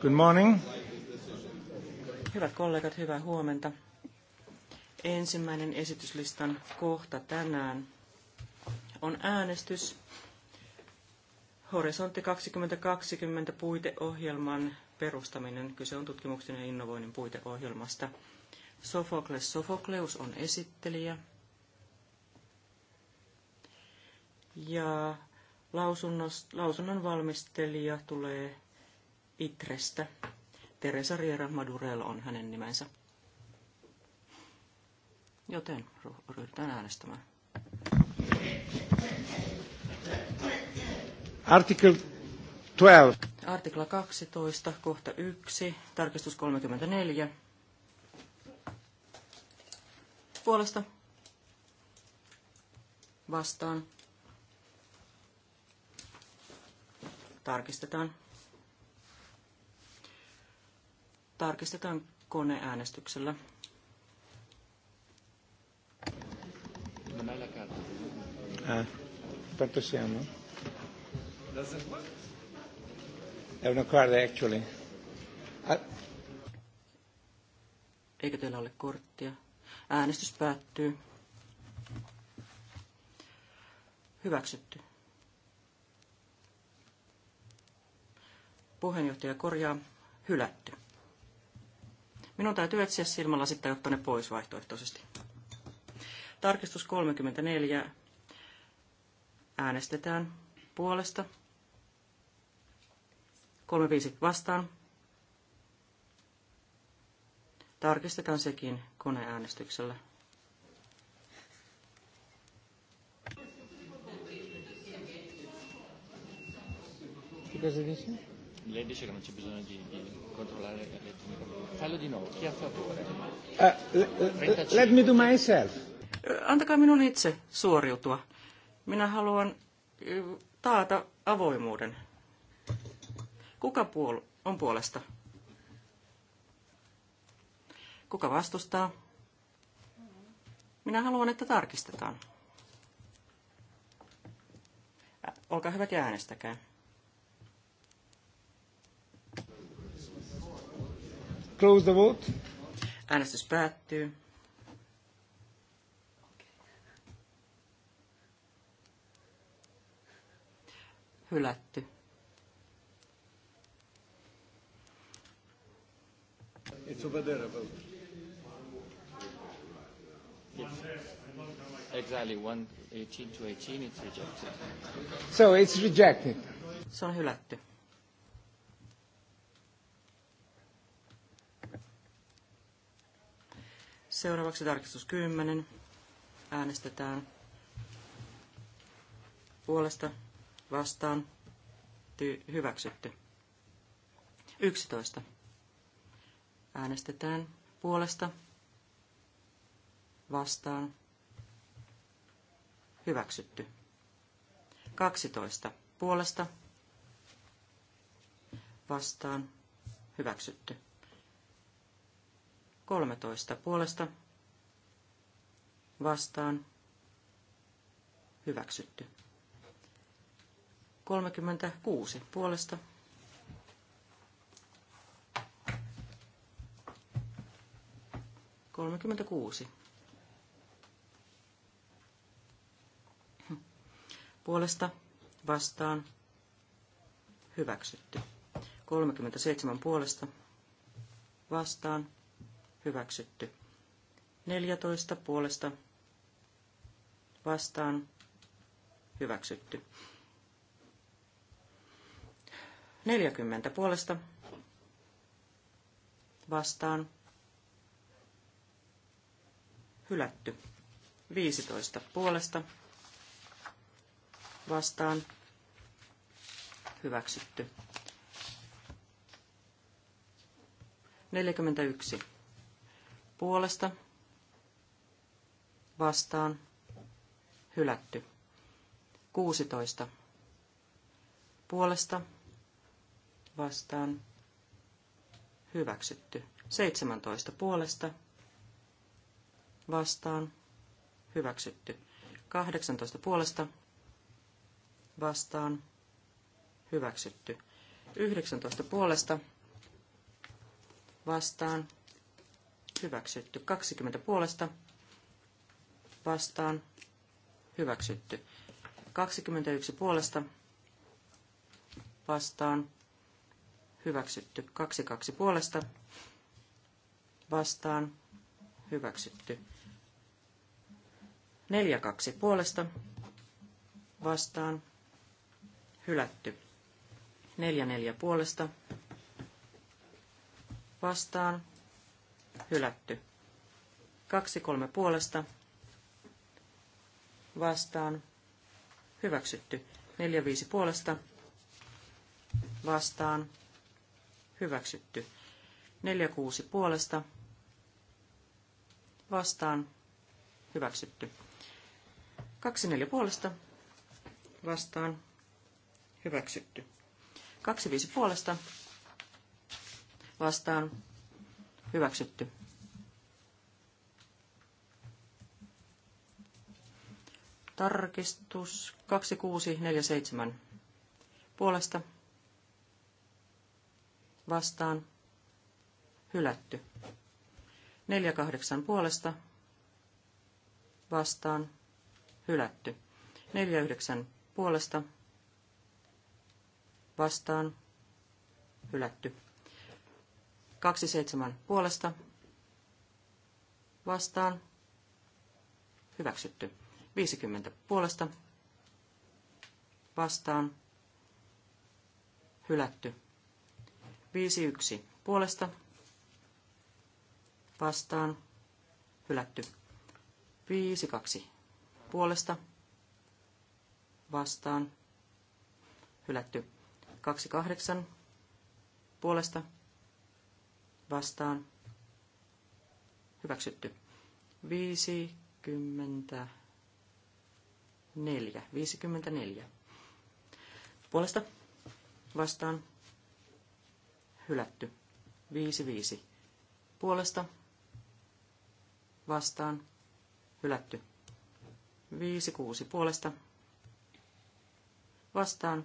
Good morning. Hyvät kollegat, hyvää huomenta. Ensimmäinen esityslistan kohta tänään on äänestys Horisontti 2020 puiteohjelman perustaminen. Kyse on tutkimuksen ja innovoinnin puiteohjelmasta. Sofokles Sofokleus on esittelijä. Ja lausunnon valmistelija tulee Itrestä. Teresa Riera Madurel on hänen nimensä. Joten ryhdytään äänestämään. Artikel 12. Artikla 12, kohta 1, tarkistus 34. Puolesta. Vastaan. Tarkistetaan. Tarkistetaan koneäänestyksellä. quanto ah, siamo? È una card actually. Ah. Eikö teillä ole korttia? Äänestys päättyy. Hyväksytty. Puheenjohtaja korjaa hylätty. Minun täytyy etsiä silmällä sitten ottaa ne pois vaihtoehtoisesti. Tarkistus 34. Äänestetään puolesta. 35 vastaan. Tarkistetaan sekin koneäänestyksellä. Because of this? lei dice che non c'è bisogno di, di controllare elettronicamente. Fallo di nuovo, chi è a favore? Uh, let me do myself. Eh, antakaa minun itse suoriutua. Minä haluan eh, taata avoimuuden. Kuka puol- on puolesta? Kuka vastustaa? Minä haluan, että tarkistetaan. Olkaa hyvät ja äänestäkää. Close the vote. Äänestys päättyy. Hylätty. It's over there about. Exactly, 118 to 18 it's rejected. So it's rejected. Se on hylätty. Seuraavaksi tarkistus 10. Äänestetään puolesta vastaan ty- hyväksytty. 11. Äänestetään puolesta vastaan hyväksytty. 12. Puolesta vastaan hyväksytty. 13 puolesta vastaan hyväksytty. 36 puolesta kuusi Puolesta vastaan hyväksytty. 37 puolesta vastaan hyväksytty. 14 puolesta vastaan hyväksytty. 40 puolesta vastaan hylätty. 15 puolesta vastaan hyväksytty. 41 puolesta vastaan hylätty. 16 puolesta vastaan hyväksytty. 17 puolesta vastaan hyväksytty. 18 puolesta vastaan hyväksytty. 19 puolesta vastaan hyväksytty. 20 puolesta vastaan, hyväksytty. 21 puolesta vastaan, hyväksytty. 22 puolesta vastaan, hyväksytty. 42 puolesta vastaan, hylätty. 44 puolesta vastaan, hylätty. Kaksi kolme puolesta vastaan hyväksytty. Neljä viisi puolesta vastaan hyväksytty. Neljä kuusi puolesta vastaan hyväksytty. Kaksi neljä puolesta vastaan hyväksytty. Kaksi viisi puolesta vastaan Hyväksytty. Tarkistus 2647. Puolesta. Vastaan. Hylätty. 48 puolesta. Vastaan. Hylätty. 49 puolesta. Vastaan. Hylätty. 27 puolesta vastaan. Hyväksytty. 50 puolesta vastaan. Hylätty. 51 puolesta vastaan. Hylätty. 52 puolesta vastaan. Hylätty. 28 puolesta vastaan vastaan hyväksytty. 54. 54. Puolesta vastaan hylätty. 55. Puolesta vastaan hylätty. 56. Puolesta vastaan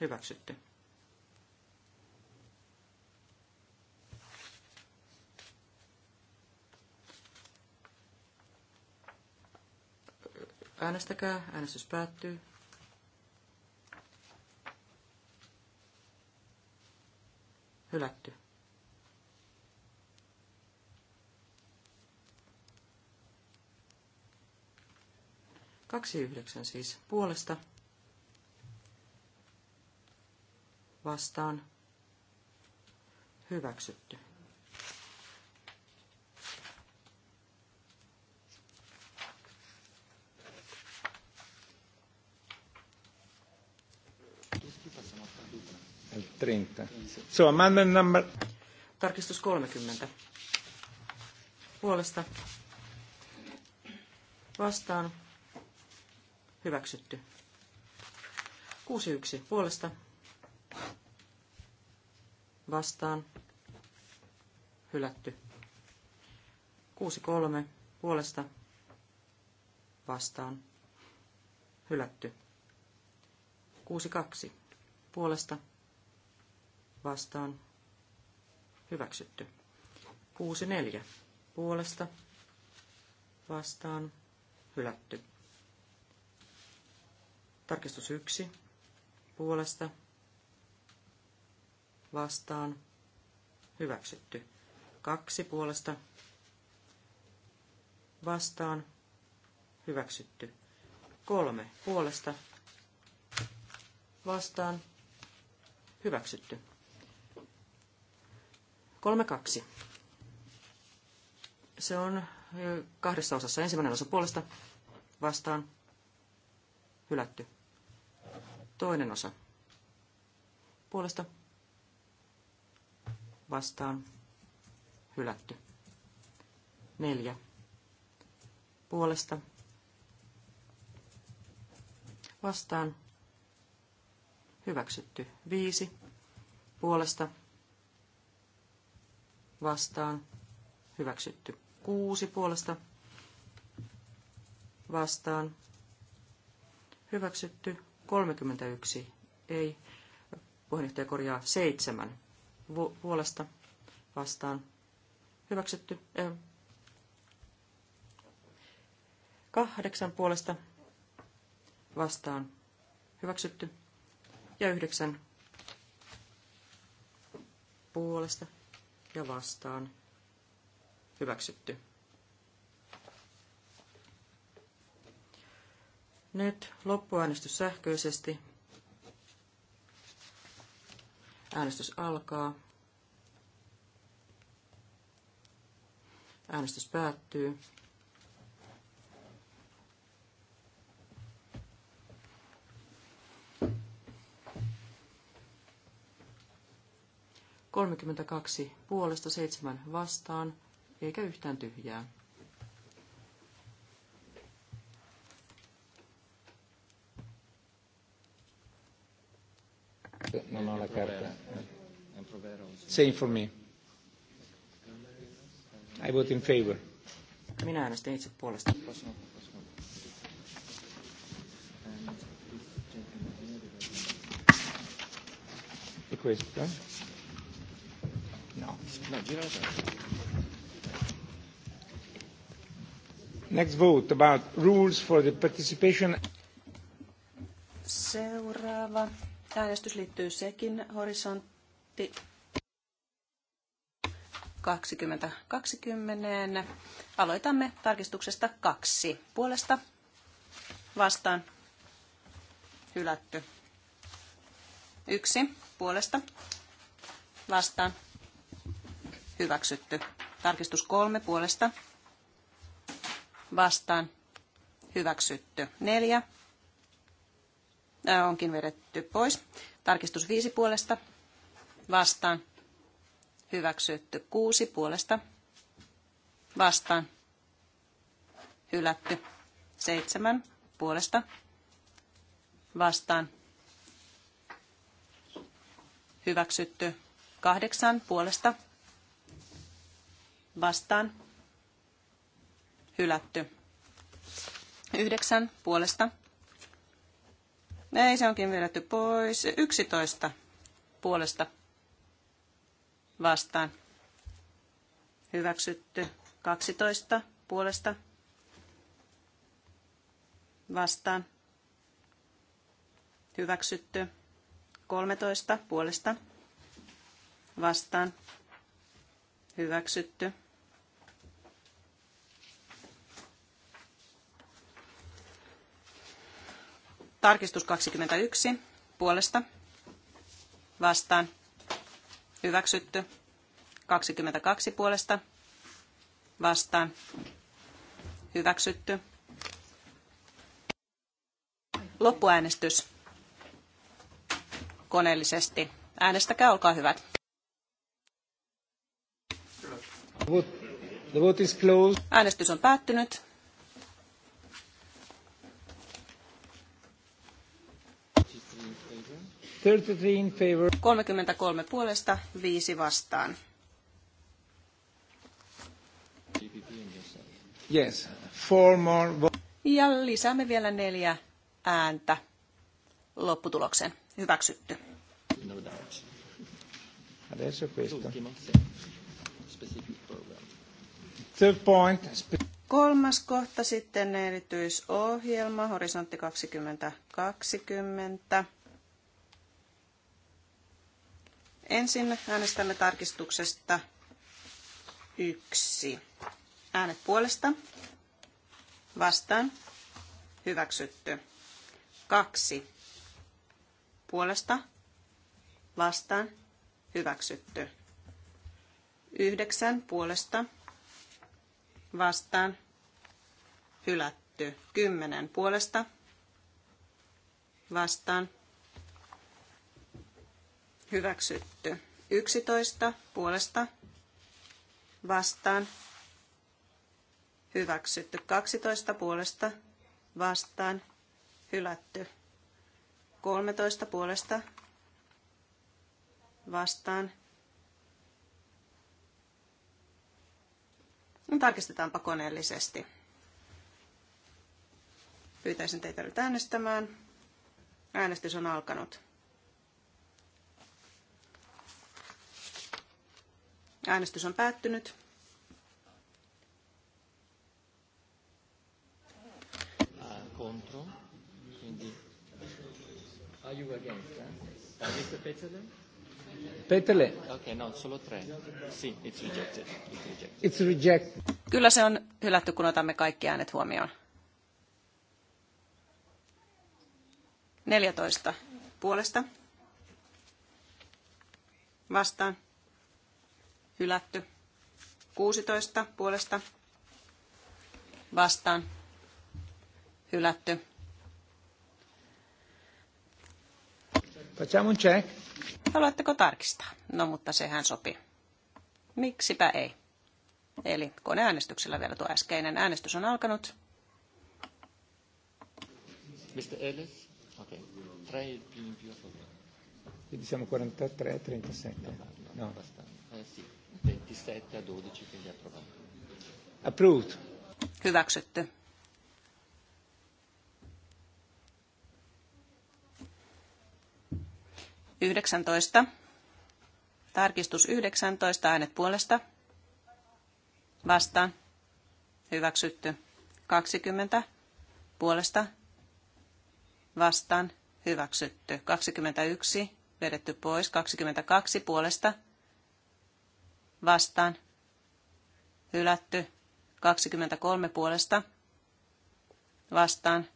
Hyväksytty. Äänestäkää. Äänestys päättyy. Hylätty. Kaksi yhdeksän siis puolesta vastaan hyväksytty. So, number... Tarkistus 30. Puolesta. Vastaan. Hyväksytty. 61. Puolesta vastaan hylätty. 6-3 puolesta vastaan hylätty. 6-2 puolesta vastaan hyväksytty. 6-4 puolesta vastaan hylätty. Tarkistus 1 puolesta vastaan hyväksytty. Kaksi puolesta vastaan hyväksytty. Kolme puolesta vastaan hyväksytty. Kolme kaksi. Se on kahdessa osassa. Ensimmäinen osa puolesta vastaan hylätty. Toinen osa puolesta vastaan hylätty. Neljä puolesta vastaan hyväksytty. Viisi puolesta vastaan hyväksytty. Kuusi puolesta vastaan hyväksytty. 31 ei. Puheenjohtaja korjaa seitsemän puolesta vastaan hyväksytty. Kahdeksan puolesta vastaan hyväksytty. Ja yhdeksän puolesta ja vastaan hyväksytty. Nyt loppuäänestys sähköisesti. Äänestys alkaa. Äänestys päättyy. Kolmekymmentäkaksi puolesta seitsemän vastaan, eikä yhtään tyhjää. non ho la carta. Same for me. I vote in favor. Minä äänestin itse puolesta. E questo? No. No, gira Next vote about rules for the participation. Seuraava Äänestys liittyy sekin horisontti 2020. Aloitamme tarkistuksesta kaksi. Puolesta vastaan hylätty. Yksi puolesta vastaan hyväksytty. Tarkistus kolme puolesta vastaan hyväksytty. Neljä onkin vedetty pois. Tarkistus 5 puolesta vastaan. Hyväksytty 6 puolesta vastaan. Hylätty 7 puolesta vastaan. Hyväksytty 8 puolesta vastaan. Hylätty 9 puolesta ei, se onkin vedetty pois. 11 puolesta vastaan. Hyväksytty. 12 puolesta vastaan. Hyväksytty. 13 puolesta vastaan. Hyväksytty. Tarkistus 21 puolesta vastaan. Hyväksytty. 22 puolesta vastaan. Hyväksytty. Loppuäänestys koneellisesti. Äänestäkää, olkaa hyvät. Äänestys on päättynyt. 33 puolesta, 5 vastaan. Yes, four more. Ja lisäämme vielä neljä ääntä lopputuloksen. Hyväksytty. No Third point. Kolmas kohta sitten erityisohjelma Horisontti 2020. Ensin äänestämme tarkistuksesta yksi. Äänet puolesta. Vastaan. Hyväksytty. Kaksi. Puolesta. Vastaan. Hyväksytty. Yhdeksän. Puolesta. Vastaan. Hylätty. Kymmenen. Puolesta. Vastaan hyväksytty. 11 puolesta vastaan hyväksytty. 12 puolesta vastaan hylätty. 13 puolesta vastaan. No, tarkistetaanpa koneellisesti. Pyytäisin teitä nyt äänestämään. Äänestys on alkanut. Äänestys on päättynyt. Ah, eh? Petele? Okay, no, solo it's rejected. It's rejected. It's rejected. Kyllä se on hylätty, kun otamme kaikki äänet huomioon. 14 puolesta. Vastaan hylätty. 16 puolesta vastaan hylätty. Facciamo un check. Haluatteko tarkistaa? No, mutta sehän sopii. Miksipä ei? Eli koneäänestyksellä vielä tuo äskeinen äänestys on alkanut. Mr. Ellis? Okei. Okay. 3 più in più. Quindi siamo 43 37. No. no. Eh, sì. 27 a 12, quindi approvato. Approved. Hyväksytty. Yhdeksäntoista. Tarkistus 19, äänet puolesta. Vastaan. Hyväksytty. 20. Puolesta. Vastaan. Hyväksytty. 21. Vedetty pois. 22. Puolesta vastaan, hylätty. 23 puolesta vastaan,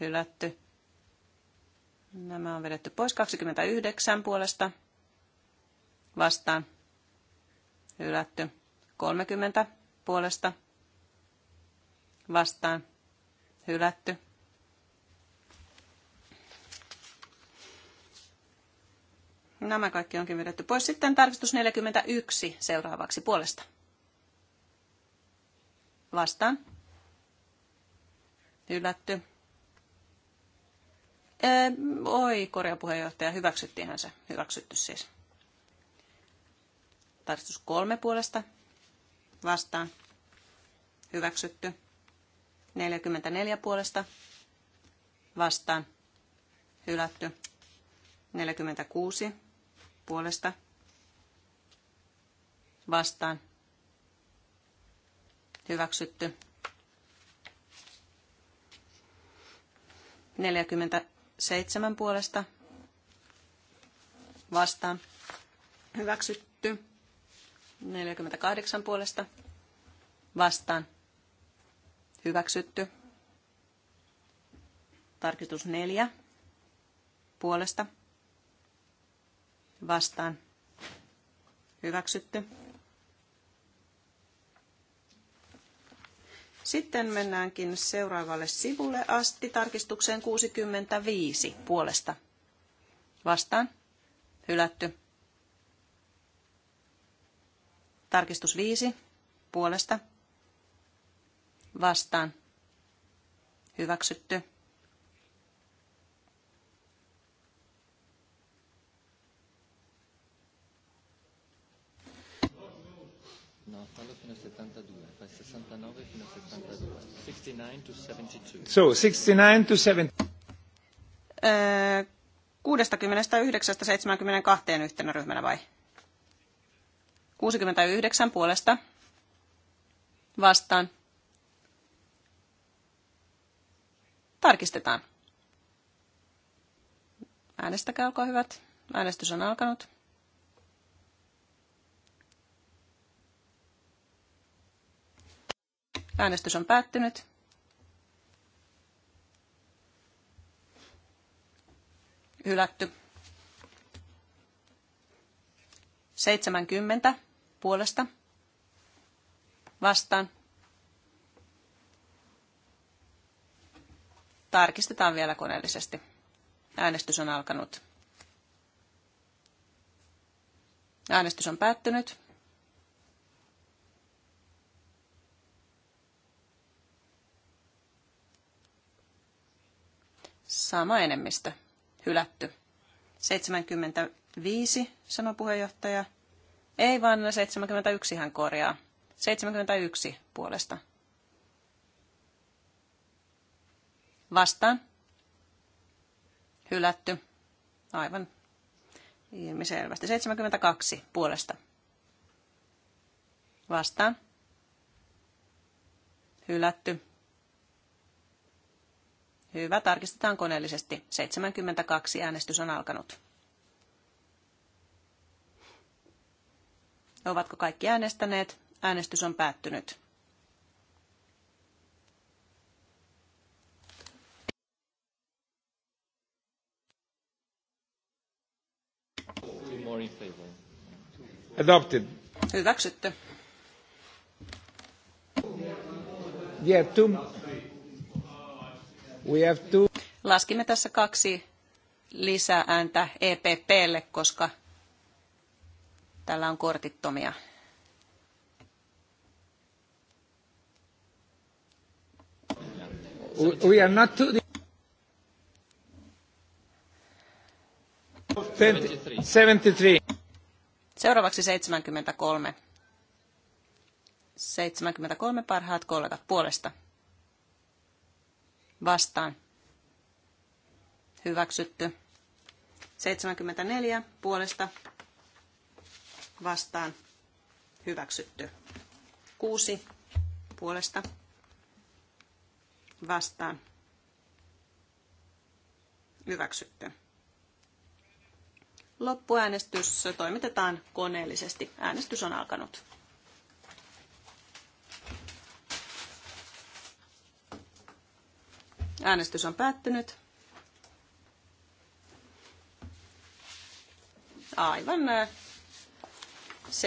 hylätty. Nämä on vedetty pois 29 puolesta vastaan, hylätty. 30 puolesta vastaan, hylätty. Nämä kaikki onkin vedetty pois. Sitten tarkistus 41 seuraavaksi puolesta. Vastaan. Hylätty. Ee, oi, korjapuheenjohtaja, hyväksyttiinhän se. Hyväksytty siis. Tarkistus kolme puolesta. Vastaan. Hyväksytty. 44 puolesta. Vastaan. Hylätty. 46 puolesta vastaan. Hyväksytty. 47 puolesta vastaan. Hyväksytty. 48 puolesta vastaan. Hyväksytty. Tarkistus 4 puolesta Vastaan. Hyväksytty. Sitten mennäänkin seuraavalle sivulle asti tarkistukseen 65 puolesta. Vastaan. Hylätty. Tarkistus 5 puolesta. Vastaan. Hyväksytty. 69 69 to 72. So, 69 to 69-72 äh, yhtenä ryhmänä vai? 69 puolesta. Vastaan. Tarkistetaan. Äänestäkää, olkaa hyvät. Äänestys on alkanut. Äänestys on päättynyt. Hylätty. 70 puolesta vastaan. Tarkistetaan vielä koneellisesti. Äänestys on alkanut. Äänestys on päättynyt. Sama enemmistö. Hylätty. 75, sanoi puheenjohtaja. Ei vaan 71 hän korjaa. 71 puolesta. Vastaan. Hylätty. Aivan ilmiselvästi. 72 puolesta. Vastaan. Hylätty. Hyvä, tarkistetaan koneellisesti. 72 äänestys on alkanut. Ovatko kaikki äänestäneet? Äänestys on päättynyt. Adopted. Hyväksytty. Yeah, two, We have two. Laskimme tässä kaksi lisääntä EPPlle, koska tällä on kortittomia. We are not to the... 73. Seuraavaksi 73. 73 parhaat kollegat puolesta vastaan. Hyväksytty. 74 puolesta vastaan. Hyväksytty. 6 puolesta vastaan. Hyväksytty. Loppuäänestys toimitetaan koneellisesti. Äänestys on alkanut. Äänestys on päättynyt. Aivan äh,